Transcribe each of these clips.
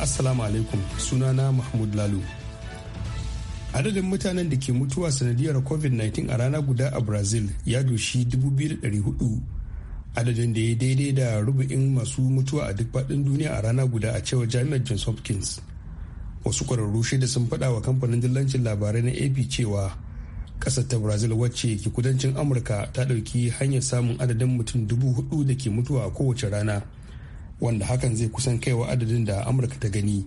assalamu alaikum sunana mahmud lalu adadin mutanen da ke mutuwa sanadiyar covid-19 a rana guda a brazil ya doshi 2,400 adadin da ya daidai da rubu'in masu mutuwa a duk faɗin duniya a rana guda a cewa jami'ar johns hopkins wasu kwararru shida sun faɗa wa kamfanin dillancin labarai na ap cewa ƙasar ta brazil wacce ke kudancin amurka ta ɗauki hanyar samun adadin mutum dubu hudu da ke mutuwa a kowace rana wanda hakan zai kusan kaiwa adadin da amurka ta gani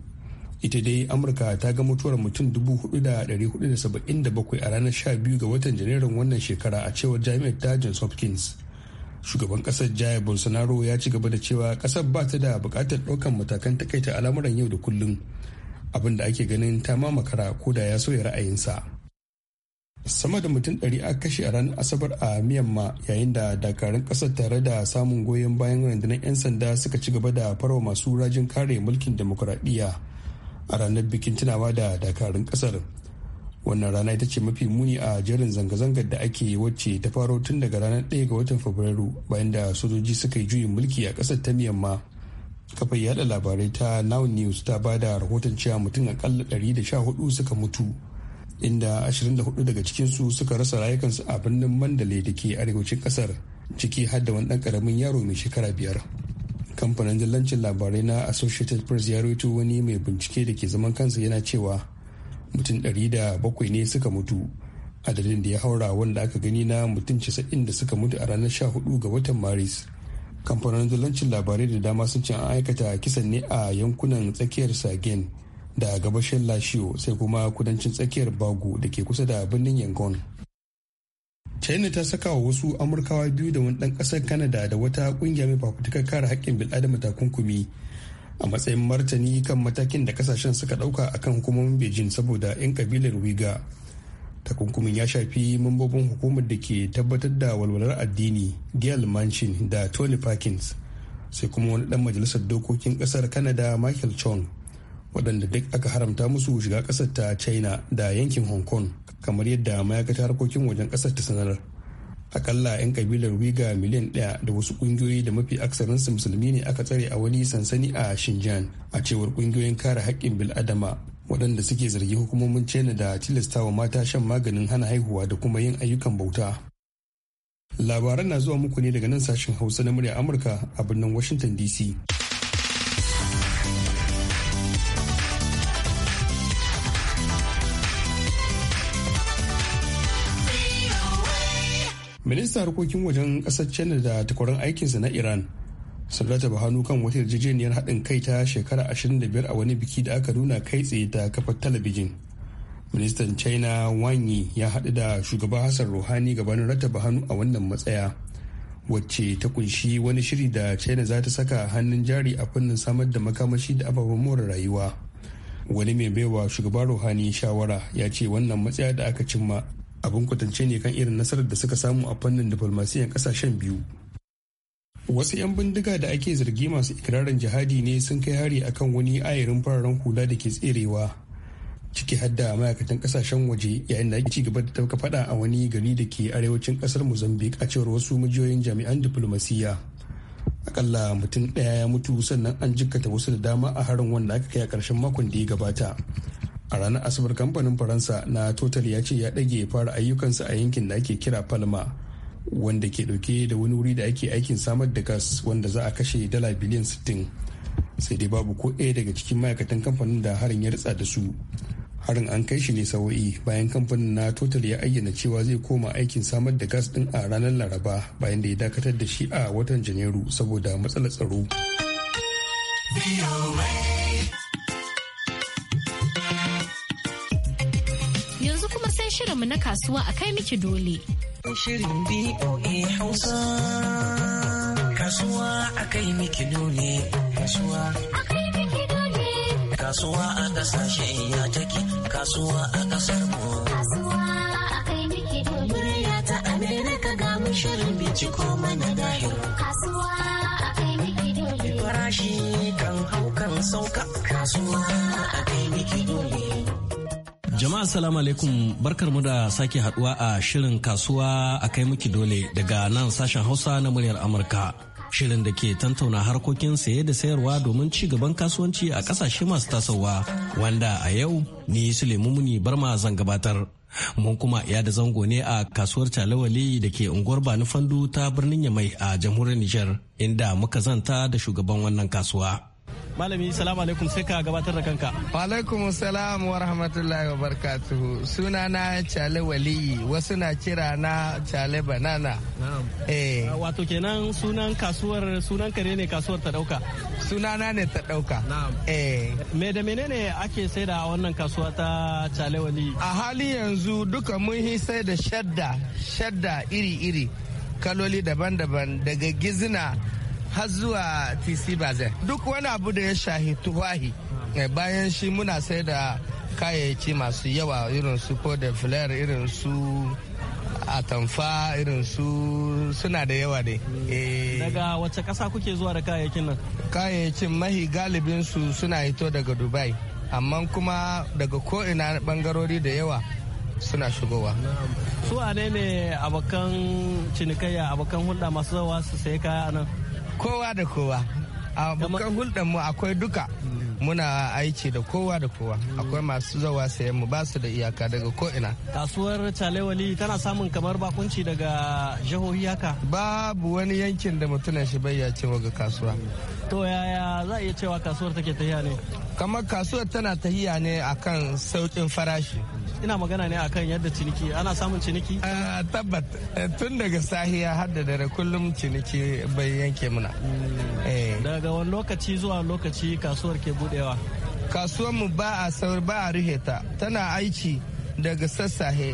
ita dai amurka ta ga mutuwar mutum 4,477 a ranar 12 ga watan janairun wannan shekara a cewar jami'ar ta johns hopkins shugaban kasar jaya bolsonaro ya ci gaba da cewa kasar ba ta da bukatar daukan matakan takaita al'amuran yau da kullum abin da ake ganin ta mamakara ko da ya sauya ra'ayinsa sama da mutum ɗari a kashe a ranar asabar a myanmar yayin da dakarun ƙasar tare da samun goyon bayan rundunar 'yan sanda suka ci gaba da farawa masu rajin kare mulkin demokuraɗiyya a ranar bikin tunawa da dakarun kasar wannan rana ita ce mafi muni a jerin zanga-zangar da ake wacce ta faro tun daga ranar 1 ga watan fabrairu bayan da sojoji suka yi juyin mulki a ƙasar ta miyamma kafar yada labarai ta now news ta ba da rahoton cewa mutum akalla 114 suka mutu inda 24 daga cikinsu suka rasa rayukansu a birnin mandalay da ke arewacin kasar ciki har da wani dan karamin yaro mai shekara biyar kamfanin dillancin labarai na associated press ya rawaito wani mai bincike da ke zaman kansa yana cewa mutum ɗari da bakwai ne suka mutu adadin da ya haura wanda aka gani na mutum casa'in da suka mutu a ranar sha hudu ga watan maris kamfanin dillancin labarai da dama sun ce an aikata kisan ne a yankunan tsakiyar sagen da gabashin lashiyo sai kuma kudancin tsakiyar bago da ke kusa da birnin yangon china ta saka wa wasu amurkawa biyu da wani dan kasar canada da wata kungiya mai fafutukar kare haƙƙin bil'adama takunkumi a matsayin martani kan matakin da kasashen suka dauka kan hukumomin beijing saboda 'yan kabilar wiga takunkumin ya shafi mambobin hukumar da ke tabbatar da walwalar addini gail manchin da tony parkins sai kuma wani dan majalisar dokokin kasar canada michael chong waɗanda duk aka haramta musu shiga ƙasar ta china da yankin hong kong kamar yadda ma'aikatar harkokin wajen ƙasar ta sanar akalla 'yan kabilar wiga miliyan ɗaya da wasu ƙungiyoyi da mafi aksarinsu musulmi ne aka tsare a wani sansani a shinjan a cewar ƙungiyoyin kare haƙƙin bil'adama waɗanda suke zargi hukumomin china da tilastawa mata shan maganin hana haihuwa da kuma yin ayyukan bauta labaran na zuwa muku ne daga nan sashen hausa na murya amurka a birnin washington dc ministan harkokin wajen kasar china da takwarar aikinsa na iran sun rataba hannu kan wata yarjejeniyar haɗin kai ta shekara 25 a wani biki da aka nuna kai tsaye ta kafar talabijin ministan china wang yi ya haɗu da shugaba hassan ruhani gabanin rataba hannu a wannan matsaya wacce ta kunshi wani shiri da china za ta saka hannun jari a fannin samar da makamashi da ababen more rayuwa wani mai baiwa shugaba ruhani shawara ya ce wannan matsaya da aka cimma abin kwatance ne kan irin nasarar da suka samu a fannin diplomasiyyar kasashen biyu wasu 'yan bindiga da ake zargi masu ikirarin jihadi ne sun kai hari akan wani ayarin fararen hula da ke tserewa ciki hadda ma'aikatan kasashen waje yayin da ake ci gaba da tafka fada a wani gari da ke arewacin kasar mozambique a cewar wasu majiyoyin jami'an diflomasiyya akalla mutum ɗaya ya mutu sannan an jikkata wasu da dama a harin wanda aka kai a ƙarshen makon da ya gabata a ranar asabar kamfanin faransa na total ya ce ya ɗage fara ayyukansa a yankin da ake kira palma wanda ke ɗauke da wani wuri da ake aikin samar da gas wanda za a kashe dala biliyan 60 sai dai babu ko ɗaya daga cikin ma'aikatan kamfanin da harin ya ritsa da su harin an kai shi ne sawa'i bayan kamfanin na total ya ayyana cewa zai koma aikin samar da gas din a ranar laraba bayan da ya dakatar da shi a watan janairu saboda matsalar tsaro. yanzu kuma sai shirinmu na kasuwa a kai miki dole. Shirin BOA Hausa kasuwa a kai miki dole kasuwa kasuwa a kasashe ya take kasuwa a kasar mu shirin mana kasuwa a kai miki dole farashi kan hau kan sauka kasuwa a kai miki dole Jama'a alaikum barkar mu da sake haduwa a shirin kasuwa a kai miki dole daga nan sashen Hausa na muryar Amurka. Shirin da ke tantauna harkokin saye da sayarwa domin ci gaban kasuwanci a kasashe masu tasowa wanda a yau ni sulemu Muni Barma zan gabatar. mun kuma ya da zango ne a kasuwar talawali da ke unguwar bani fandu ta birnin yamai a jamhuriyar nijar inda muka zanta da shugaban wannan kasuwa malami salamu alaikum sai ka gabatar da kanka wa alaikum salam wa rahmatullahi wa barakatuhu suna na chale waliyi wasu na kira na chale banana eh. ah, wato kenan sunan kasuwar sunan kare ne kasuwar ta dauka sunana ne ta dauka eh. me da menene ake saida a wannan kasuwa ta chale waliyi a hali yanzu duka mun yi sai da shadda shadda iri iri kaloli daban-daban daga gizina har zuwa tc bazen duk wani abu da ya shahi tuwahi eh, bayan shi muna sai da kayayyaki masu yawa irin su da flair irin su atamfa irin su suna da yawa ne. Eh, daga wacce kasa kuke zuwa da kayayyakin nan kayayyakin mahi galibin su suna hito daga dubai amma kuma daga ko'ina bangarori da yawa suna shigowa. Su ne ne abokan cinikayya abokan hulɗa masu zawa su sai kaya nan? kowa da kowa abokan hulɗar mu akwai duka mm. muna aiki da kowa da kowa mm. akwai masu zawa sayan mu basu da iyaka daga ko'ina kasuwar chalewali tana samun kamar bakunci daga jihohi haka babu wani yankin da mutumin shi bai ce ga kasuwa mm. to yaya za a iya cewa kasuwar take tahiya ne kamar kasuwar tana tahiya ne akan sauƙin farashi ina magana ne akan yadda ciniki ana samun ciniki ah, tabbat eh, tun daga sahiya har da dare kullum ciniki bai yanke muna hmm. eh. daga wani lokaci zuwa lokaci kasuwar ke budewa kasuwar mu ba a saur ba a rufe ta tana aiki daga sassahe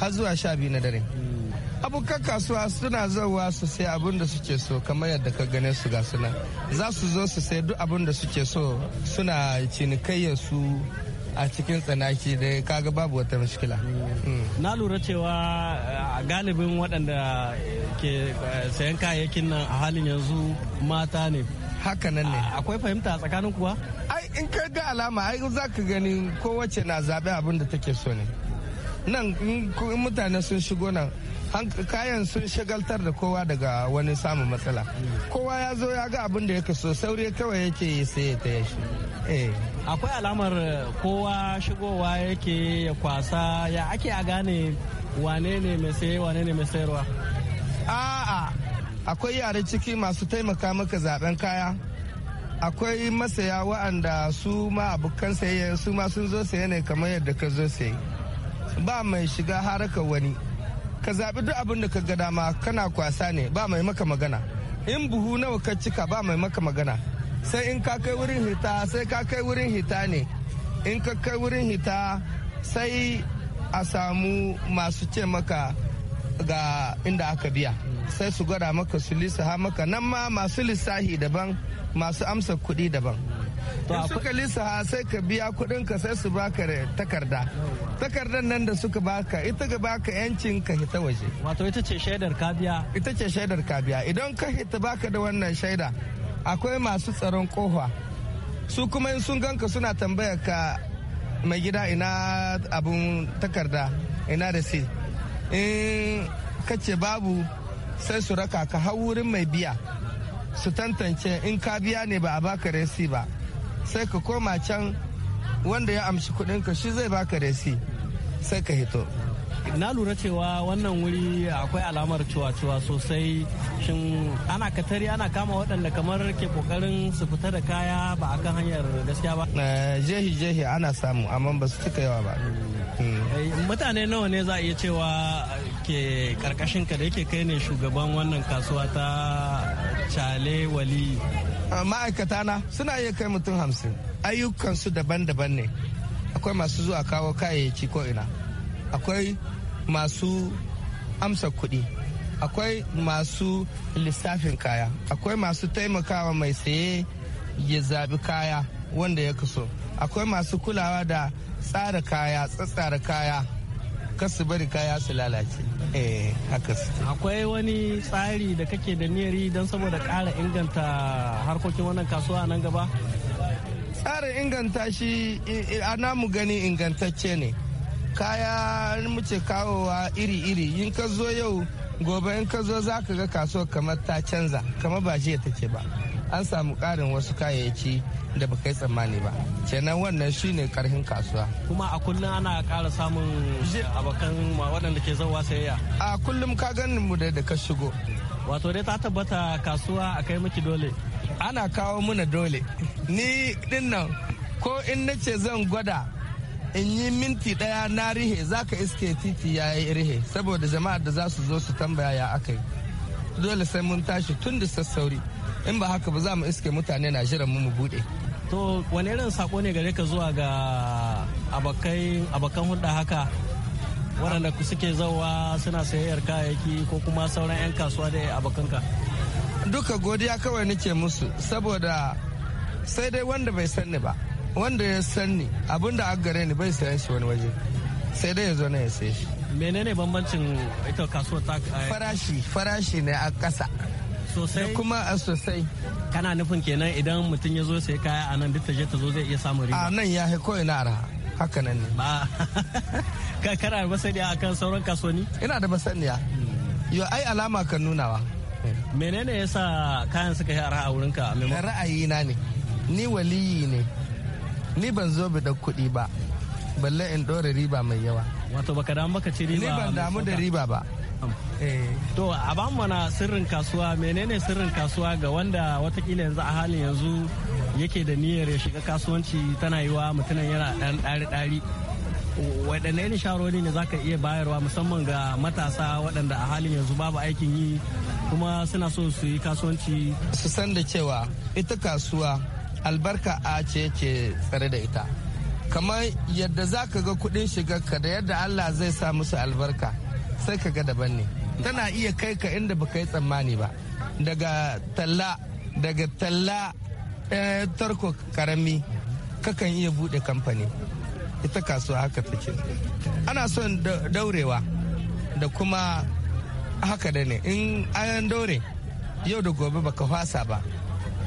har zuwa sha biyu na dare hmm. abokan kasuwa suna zauwa su sai abin da suke so kamar yadda ka gane su ga suna za su zo su sai duk abin da suke so suna cinikayyar su a cikin tsanaki da kaga babu wata mashikila. Hmm. na lura cewa eh, galibin waɗanda eh, ke eh, sayan kayayyakin nan a halin yanzu mata ne haka nan ne akwai fahimta a tsakanin kuwa ai in ka ga alama ai za ka gani kowace na zaɓe abin da take so ne nan mutane sun shigo nan kayan sun shagaltar da kowa daga wani samun matsala kowa ya zo ya ga abin da yake so sauri kawai yake saye ta yashi akwai alamar eh, kowa shigowa yake ya kwasa ya ake a gane wane ne mai saye wane ne mai sayarwa a'a akwai yare ciki masu taimaka maka zaben kaya akwai masaya wa'anda su ma abokan saye su ma sun zo saye ne kamar yadda ka zo saye ba mai shiga haraka wani ka zaɓi duk abin da ka ga dama kana kwasa ne ba mai maka magana in buhu nawa ka cika ba mai maka magana sai in ka kai wurin hita sai ka kai wurin hita ne in ka kai wurin hita sai a samu masu ce maka ga inda aka biya sai su gwada maka su lissaha maka nan ma masu lissahi daban masu amsa kuɗi daban in suka lissaha sai ka biya kuɗinka sai su baka takarda takardar nan da suka baka ita ga baka yancin ka hita waje wato ita ce shaidar ka biya ita ce shaidar ka biya idan ka hita baka da wannan shaida akwai masu tsaron kofa su kuma in sun ganka suna tambaya ka mai gida ina abun takarda ina da sai in kace babu sai su raka ka hau wurin mai biya su tantance in ka biya ne ba a baka resi ba sai ka koma can wanda ya amshi kudinka shi zai baka resi sai ka hito na lura cewa wannan wuri akwai alamar cuwa-cuwa sosai shin ana katari ana kama waɗanda kamar ke kokarin su fita da kaya ba a kan hanyar gaskiya ba eh, jehi jehi ana samu amma ba su cika yawa ba hmm. eh, mutane nawa ne za a iya cewa ke karkashin ka da yake kai ne shugaban wannan kasuwa ta chale wali ah, ma'aikata na suna iya kai mutum hamsin ayyukansu daban-daban ne akwai masu zuwa kawo kayayyaki ko ina akwai masu amsa kuɗi akwai masu lissafin kaya akwai masu taimakawa mai saye ya zaɓi kaya wanda ya kaso akwai masu kulawa da tsara kaya tsatsara kaya kasu bari kaya su lalace eh haka akwai wani tsari da kake da yi don saboda ƙara inganta harkokin wannan kasuwa nan gaba tsarin inganta shi a namu gani ingantacce ne kaya muke kawowa iri-iri in ka zo yau gobe in ka zo za ka ga kasuwar kamar ta canza kamar ba jiya take ba an samu ƙarin wasu kayayyaki da ba kai tsammani ba kenan wannan shine karhin kasuwa kuma a kullum ana ƙara samun abokan waɗanda ke zauwa sayayya a kullum ka ganin mu da ka shigo wato dai ta tabbata kasuwa a kai miki dole ana kawo muna dole ni dinnan ko in nace zan gwada in yi minti daya na rihe za ka iske titi ya yi rihe saboda jama'ar da za su zo su tambaya ya aka yi dole sai mun tashi tun da sassauri in ba haka ba za mu iske mutane na jiran mu mu bude to wani irin sako ne gare ka zuwa ga abokan hudda haka waɗanda suke zauwa suna sayayyar kayayyaki ko kuma sauran 'yan kasuwa da abokanka duka godiya kawai nake musu saboda sai dai wanda bai san ni ba wanda ya san ni abin da aka gare ni bai sayan shi wani waje sai dai ya zo na ya sai shi menene bambancin ita kasuwar ta eh? farashi farashi ne a ƙasa sosai kuma a sosai kana nufin kenan idan mutum ya zo sai kaya a nan duk ta je ta zo zai iya samun riba a nan ya ko ina ara haka nan ne ba ka kana da masaniya akan sauran kasuwanni ina da masaniya hmm. yo ai alama kan nunawa menene yasa kayan suka yi ara a wurinka ra'ayi na ne ni waliyi ne ni ban zo bi da kuɗi ba balle in ɗora riba mai yawa wato baka damu baka ci riba ni ban damu da riba ba eh. to a ba mana sirrin kasuwa menene sirrin kasuwa ga wanda watakila yanzu a halin yanzu yake da niyyar ya shiga kasuwanci tana yiwa mutumin yana ɗan ɗari-ɗari waɗanne ne sharoni ne zaka iya bayarwa musamman ga matasa waɗanda a halin yanzu babu aikin yi kuma suna so su yi kasuwanci su san da cewa ita kasuwa albarka a ce ke tsare da ita kamar yadda za ka ga kuɗin ka da yadda allah zai sa musu albarka sai ka ga daban ne tana iya kai ka inda baka yi tsammani ba daga talla daga talla eh, tarko karami kakan iya bude kamfani ita kasuwa haka take ana son daurewa da kuma haka da ne in an daure yau da gobe baka fasa ba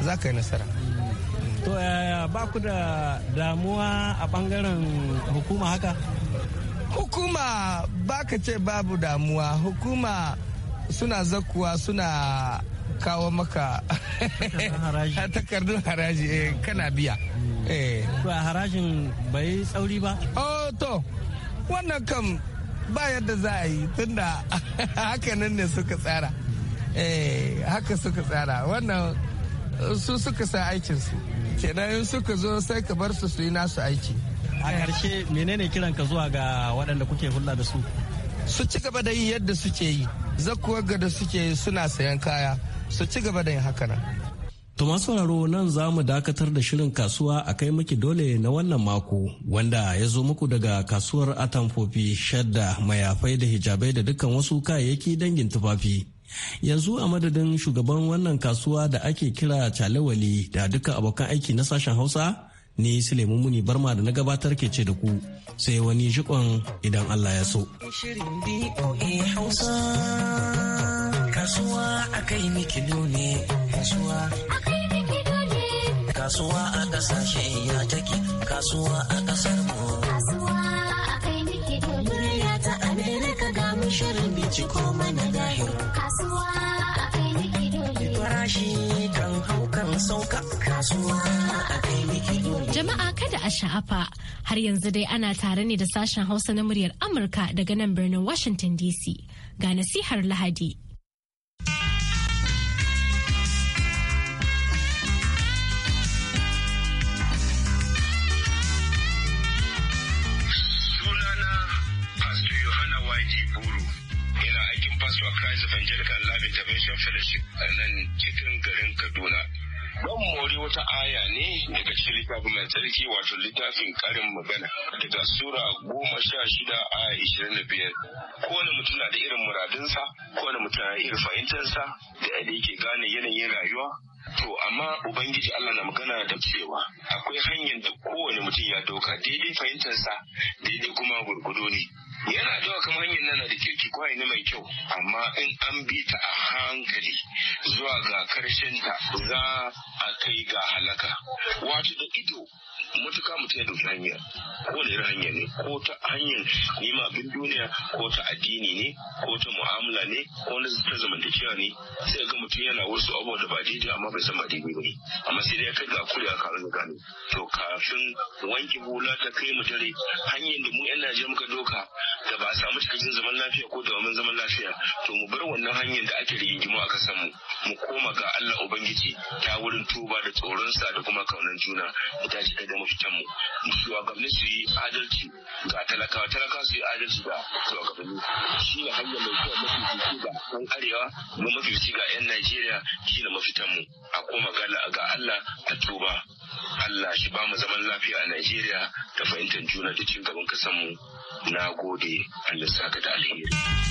za ka yi nasara to ba ku da damuwa a bangaren hukuma haka hukuma ba ka ce babu damuwa hukuma suna zakuwa suna kawo maka takardun haraji eh, kana biya hmm. eh. to a harajin bai tsauri ba oh to wannan kam ba yadda za a yi tunda haka nan ne suka tsara eh haka suka tsara wannan su suka sa aikinsu kenan in suka zo sai ka bar su su yi nasu aiki a ƙarshe menene kiran ka zuwa ga waɗanda kuke hulɗa da su su ci gaba da yi yadda suke yi zakuwa ga da suke yi suna sayan kaya su ci gaba da yin haka nan To masu sauraro nan za mu dakatar da shirin kasuwa a kai miki dole na wannan mako wanda ya zo muku daga kasuwar atamfofi shadda mayafai da hijabai da dukkan wasu kayayyaki dangin tufafi yanzu a madadin shugaban wannan kasuwa da ake kira calewali da dukkan abokan aiki na sashen hausa ni sulaimu muni barma da na gabatar ke ce da ku sai wani jikon idan allah ya so kasuwa a kai ne kasuwa a kasashen ya take kasuwa a kasar mu kasuwa a kai ya ta amerika ga shirin binciko mana zahir kasuwa a kai ido farashi kan hau kan sauka kasuwa a kai ido jama'a kada a sha'afa har yanzu dai ana tare ne da sashen hausa na muryar amurka daga nan birnin washington dc ga nasihar lahadi Biblical Lab Intervention Fellowship a nan cikin garin Kaduna. Don mori wata aya ne daga cikin littafin mai tsarki wato littafin karin magana daga Sura goma sha shida a ishirin da biyar. Kowane mutum na da irin muradinsa, kowane mutum na da irin fahimtarsa da yake gane yanayin rayuwa, To amma Ubangiji Allah na magana da cewa akwai hanyar da kowane mutum ya doka daidai fahimtarsa daidai kuma gurgudo ne. yana zuwa kan hanyar nan da kirki kwai ne mai kyau amma in an bi ta a hankali zuwa ga karshen ta za a kai ga halaka wato da ido matuka mutum ya dauki hanya ko da hanya ne ko ta hanyar nema abin duniya ko ta addini ne ko ta mu'amala ne ko na ta zamantakewa ne sai ga mutum yana wasu abubuwa da ba daidai amma bai san ba daidai ba ne amma sai dai ya kai ga kuri a karin gane to kafin wanke hula ta kai mu tare hanyar da mu yan Najeriya muka doka da ba a samu cikakken zaman lafiya ko da zaman lafiya to mu bar wannan hanyar da ake rigingimu a kasan mu mu koma ga Allah Ubangiji ta wurin tuba da tsoronsa da kuma kaunar juna mu tashi kadan mafitanmu shugabanni su yi adalci ga talakawa talakawa su yi adalci ga shugabanni shi ne hanyar mai kyau mafi fifi ga yan arewa kuma mafi ga yan najeriya shi ne mafitanmu a koma ga allah a tuba allah shi ba mu zaman lafiya a najeriya da fahimtar juna da cin gaban mu na gode allah saka da alheri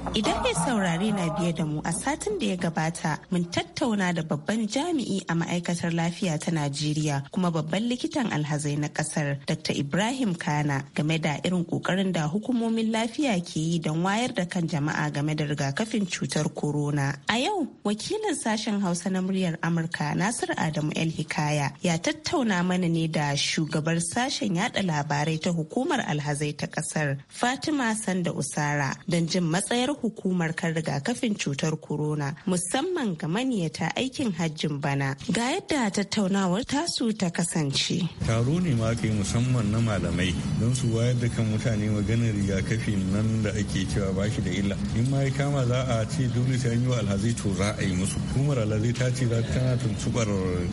Idan mai saurari na biye da mu a satin da ya gabata mun tattauna da babban jami'i a ma'aikatar lafiya ta Najeriya kuma babban likitan alhazai na kasar Dr. Ibrahim Kana game da irin kokarin da hukumomin lafiya ke yi don wayar da kan jama'a game da rigakafin cutar corona. A yau wakilin sashen Hausa na muryar Amurka Nasir Adamu El Hikaya ya tattauna mana ne da shugabar sashen yada labarai ta hukumar alhazai ta kasar Fatima Sanda Usara don jin matsayar hukumar kan rigakafin cutar corona musamman ga maniyata aikin hajjin bana ga yadda tattaunawar tasu ta kasance taro ne ma kai musamman na malamai don su wayar da kan mutane maganar rigakafi nan da ake cewa ba shi da illa in ma ya kama za a ce dole sai an yi wa to za a yi musu hukumar alhazi ta ce za ta tana tuntubar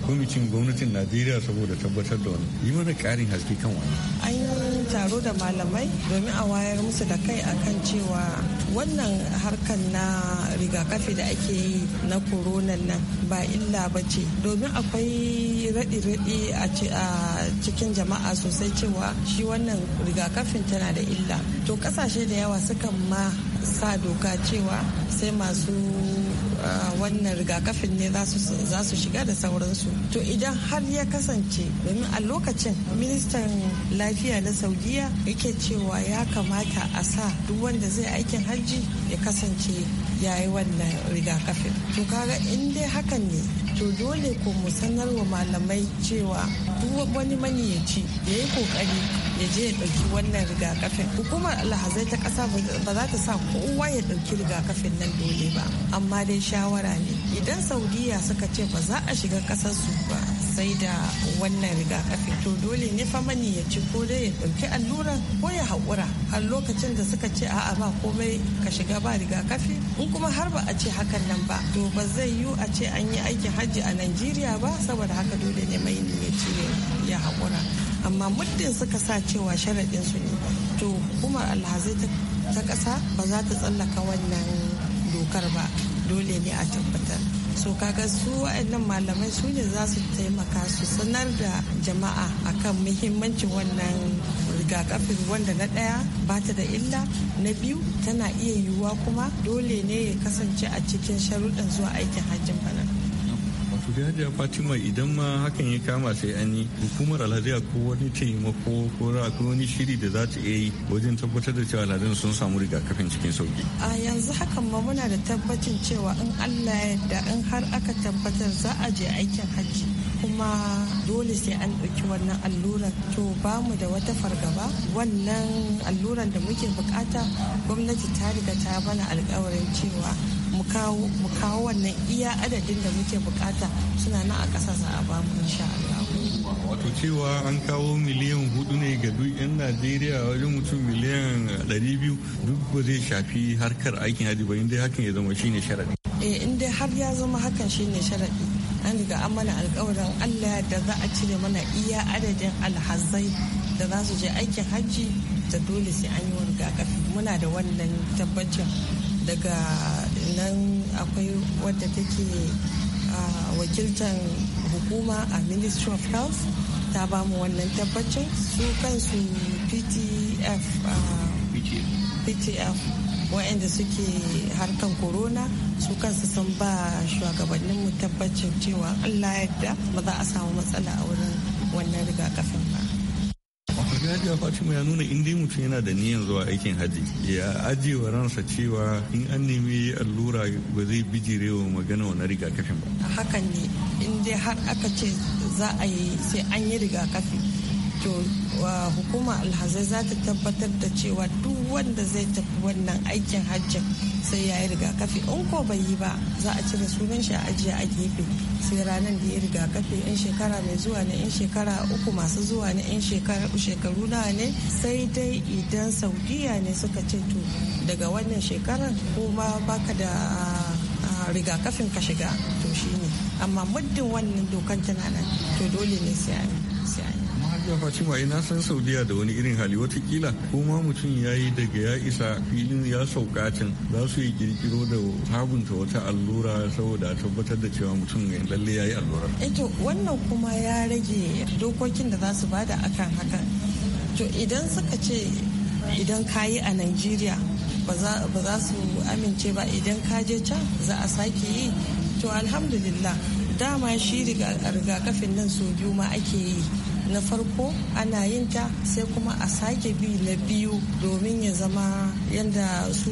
kwamitin gwamnatin najeriya saboda tabbatar da wani yi mana karin haske kan wani an yi taro da malamai domin a wayar musu da kai akan cewa wannan harkar na rigakafi da ake yi na korona nan ba illa ba ce domin akwai raɗi-raɗi a cikin jama'a sosai cewa shi wannan rigakafin tana da illa to kasashe da yawa sukan ma sa doka cewa sai masu wannan rigakafin ne za su shiga da sauransu to idan har ya kasance domin a lokacin ministan lafiya na saudiya yake cewa ya kamata a sa duk wanda zai aikin hajji ya kasance ya yi wannan rigakafin to kaga in dai hakan ne to dole ko mu sanar wa malamai cewa duk wani maniyaci ya yi kokari ya je ya ɗauki wannan rigakafin hukumar alhazai ta kasa ba za ta sa kowa ya ɗauki rigakafin nan dole ba amma dai shawara ne idan saudiya suka ce ba za a shiga su ba sai da wannan rigakafi to dole ne fa mani ya ci ko dai ya ɗauki allura ko ya haƙura har lokacin da suka ce a'a ba komai ka shiga ba rigakafi in kuma har ba a ce hakan nan ba to ba zai yiwu a ce an yi aikin hajji a Najeriya ba saboda haka dole ne mai ya ce ya haƙura amma muddin suka sa cewa sharaɗin su ne to hukumar alhazai ta ƙasa ba za ta tsallaka wannan dokar ba dole ne a tabbatar so kaga su waɗannan malamai su ne za su taimaka su sanar da jama'a akan muhimmancin wannan rigakafin wanda na ɗaya ba ta da illa na biyu tana iya yiwuwa kuma dole ne ya kasance a cikin sharuɗan zuwa aikin hajjin bana bi fatima idan ma hakan ya kama sai an yi hukumar alhazai ko wani taimako ko ko wani shiri da za ta iya yi wajen tabbatar da cewa alhazan sun samu rigakafin cikin sauki a yanzu hakan ma muna da tabbacin cewa in allah ya in har aka tabbatar za a je aikin hajji kuma dole sai an ɗauki wannan allurar to ba mu da wata fargaba wannan allurar da muke bukata gwamnati ta riga ta bana alkawarin cewa mu kawo wannan iya adadin da muke bukata suna nan a ƙasa za a bamu insha Allah wato cewa an kawo miliyan hudu ne ga duk 'yan najeriya wajen mutum miliyan 200 duk ba zai shafi harkar aikin hajji ba inda hakan ya zama shine sharadi eh inda har ya zama hakan shine sharadi an riga an mana alkawarin allah da za a cire mana iya adadin alhazai da za su je aikin hajji da dole sai an yi wani rigakafi muna da wannan tabbacin daga nan akwai wadda take wakiltar hukuma a ministry of health ta ba mu wannan tabbacin su kansu ptf ptf wa'anda suke harkan corona su kansu sun ba shugabanninmu tabbacin cewa allah yadda ba za a samu matsala a hajiya fatima ya nuna in dai mutum yana da niyan zuwa aikin haji ya ajiye wa ransa cewa in an nemi allura ba zai bijire wa magana wani rigakafin ba hakan ne in dai har aka ce za a yi sai an yi rigakafi to hukuma alhazai za ta tabbatar da cewa duk wanda zai tafi wannan aikin hajjin sai ya yi rigakafi in ko bai yi ba za a cire sunan shi a ajiye a gefe sai ranar da ya rigakafi in shekara mai zuwa ne in shekara uku masu zuwa ne in shekaru na ne sai dai idan saudiya ne suka ce to daga wannan shekarar ko baka da rigakafin ka shiga to shine amma muddin wannan dokan tana nan to dole ne sai hajiya fatima ina san saudiya da wani irin hali watakila ko ma mutum ya yi daga ya isa filin ya sauka can za su yi kirkiro da sabunta wata allura saboda tabbatar da cewa mutum ya lalle ya yi allura. eto eh wannan kuma ya rage dokokin da za su bada akan hakan to idan suka ce idan ka yi a nigeria ba za su amince ba idan ka je can za a sake yi to alhamdulillah dama shi rigakafin nan sau biyu ma ake yi na farko ana yin ta sai kuma a sake bi na biyu domin ya zama yadda su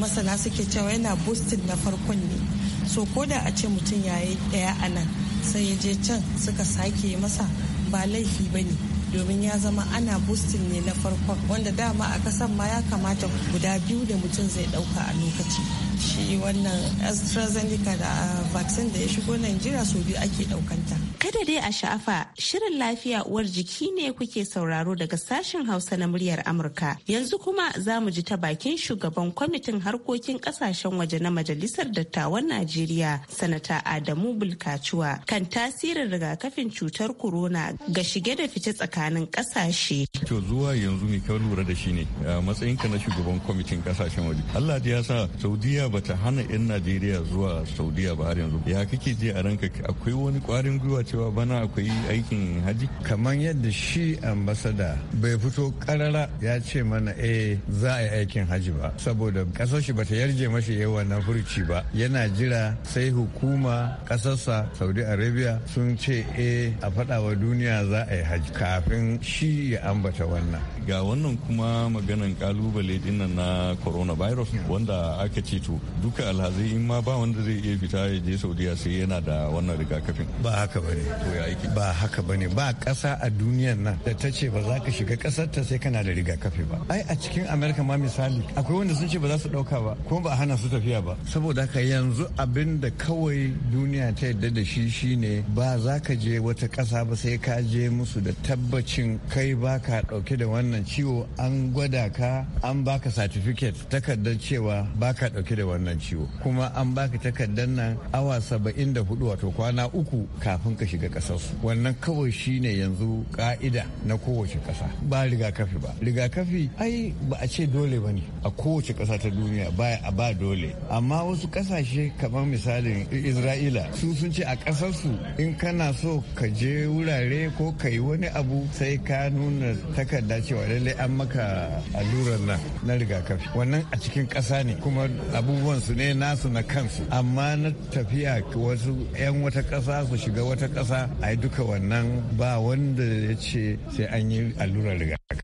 masana suke cewa yana boosting na farkon ne so ko da a ce mutum ya yi daya a nan sai ya je can suka sake masa ba laifi ba ne domin ya zama ana boosting ne na farkon wanda dama a kasan ma ya kamata guda biyu da mutum zai ɗauka a lokaci shi wannan AstraZeneca da ah, vaccine da ya shigo Najeriya sau biyu ake ɗaukanta. Kada dai a sha'afa shirin lafiya uwar jiki ne kuke sauraro daga sashen Hausa na muryar Amurka. Yanzu kuma za mu ji ta bakin shugaban kwamitin harkokin kasashen waje na Majalisar Dattawan Najeriya, Sanata Adamu Bulkacuwa, kan tasirin rigakafin cutar corona ga shige da fice tsakanin kasashe. To zuwa yanzu mai kyau lura da shi ne a matsayinka na shugaban kwamitin kasashen waje. Allah ya sa Saudiya duniya ba ta hana 'yan najeriya zuwa saudiya ba har yanzu ya kake je a ranka akwai wani kwarin gwiwa cewa bana akwai aikin haji kamar yadda shi ambasada bai fito karara ya ce mana e za a yi aikin haji ba saboda kasar shi bata yarje mashi yi wannan furuci ba yana jira sai hukuma kasarsa saudi arabia sun ce e a faɗawa duniya za a yi haji kafin shi ya ambata wannan ga wannan kuma maganan kalubale dinnan na coronavirus wanda aka ce to duka alhazai in ma ba wanda zai iya fita ya je saudiya sai yana da wannan rigakafin ba haka bane to ya aiki ba haka bane ba ƙasa a duniyar nan da ta ce ba za ka shiga ƙasar ta sai kana da rigakafi ba ai a cikin america ma misali akwai wanda sun ce ba za su ɗauka ba kuma ba a hana su tafiya ba saboda haka yanzu abin da kawai duniya ta yadda da shi shine ba za ka je wata ƙasa ba sai ka je musu da tabbacin kai ba ka ɗauke da wannan ciwo an gwada ka an baka satifiket takardar cewa ba ka ɗauke da da wannan ciwo kuma an baka takardar nan awa saba'in da hudu wato kwana uku kafin ka shiga kasar wannan kawai shine yanzu ka'ida na kowace kasa ba rigakafi ba rigakafi ai ba a ce dole ba ne a kowace kasa ta duniya ba a ba dole amma wasu kasashe kamar misalin isra'ila su sun ce a kasarsu in kana so ka je wurare ko ka yi wani abu sai ka nuna takarda cewa lallai an maka allurar nan na rigakafi wannan a cikin kasa ne kuma abu abubuwan su ne nasu na kansu amma na tafiya wasu 'yan wata ƙasa su shiga wata ƙasa a duka wannan ba wanda ya ce sai an yi allurar rigakafi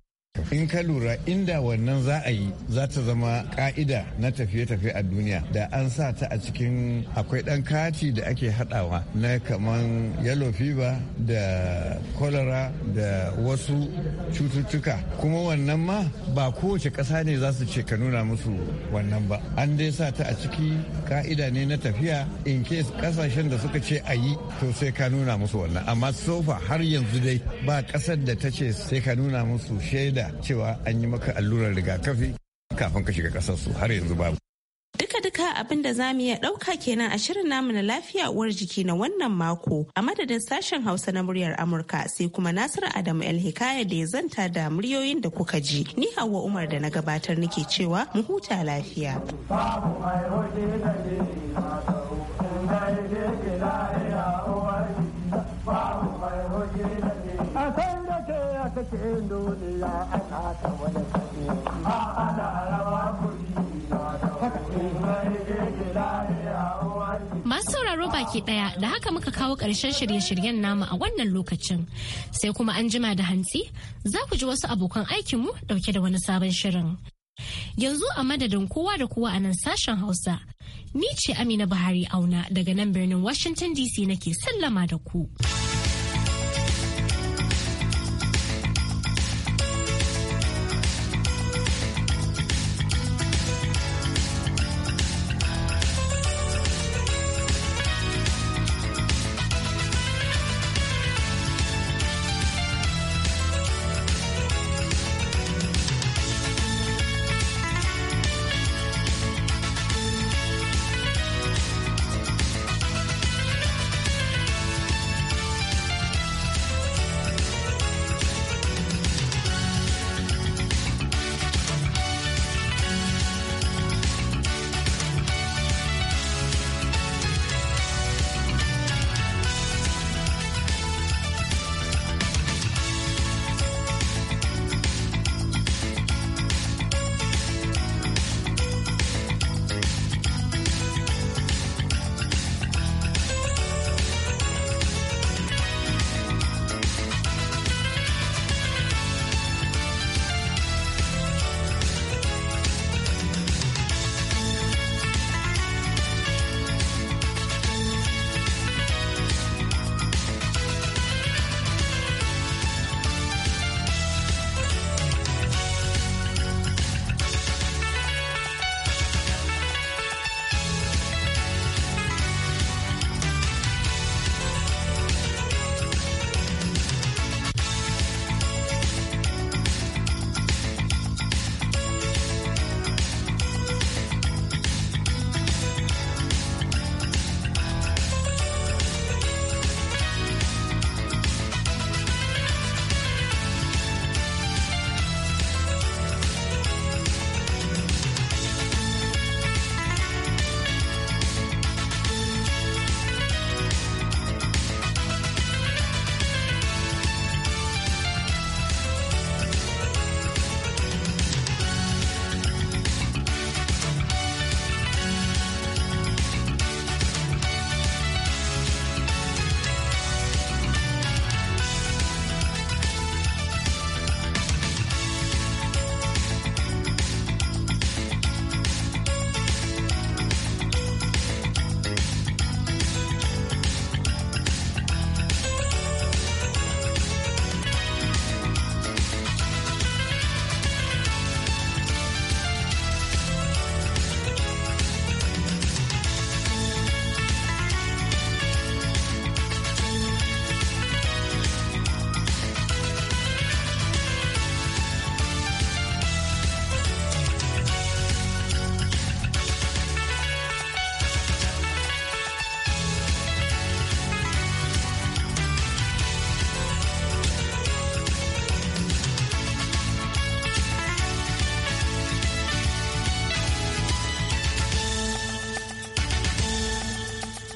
in ka lura inda wannan za a yi za ta zama ka'ida na tafiye-tafiye a duniya da an sa ta a cikin akwai dan kati da ake hadawa na kaman yellow fever da cholera da wasu cututtuka kuma wannan ma ba kowace kasa ne za su ce ka nuna musu wannan ba an dai sa ta a ciki ka'ida ne na tafiya in case kasashen da suka ce a yi to sai ka nuna musu wannan amma sofa har yanzu dai ba ƙasar da ta ce sai ka nuna musu shaida cewa an yi maka allurar rigakafi kafin ka shiga kasarsu har yanzu babu. Duka-duka abin da za mu iya ɗauka kenan a shirin namu na lafiya uwar jiki na wannan mako a madadin sashen Hausa na muryar Amurka sai kuma Nasiru Adamu El Hikaya da ya zanta da muryoyin da kuka ji. Ni Hauwa Umar da na gabatar nake cewa mu huta lafiya. Masu sauraro baki daya da haka muka kawo ƙarshen shirye-shiryen nama a wannan lokacin. Sai kuma an jima da hantsi za ku ji wasu abokan aikinmu dauke da wani sabon shirin. Yanzu a madadin kowa da kowa a nan sashen Hausa, ni ce Amina Buhari auna daga nan birnin Washington DC nake sallama da ku.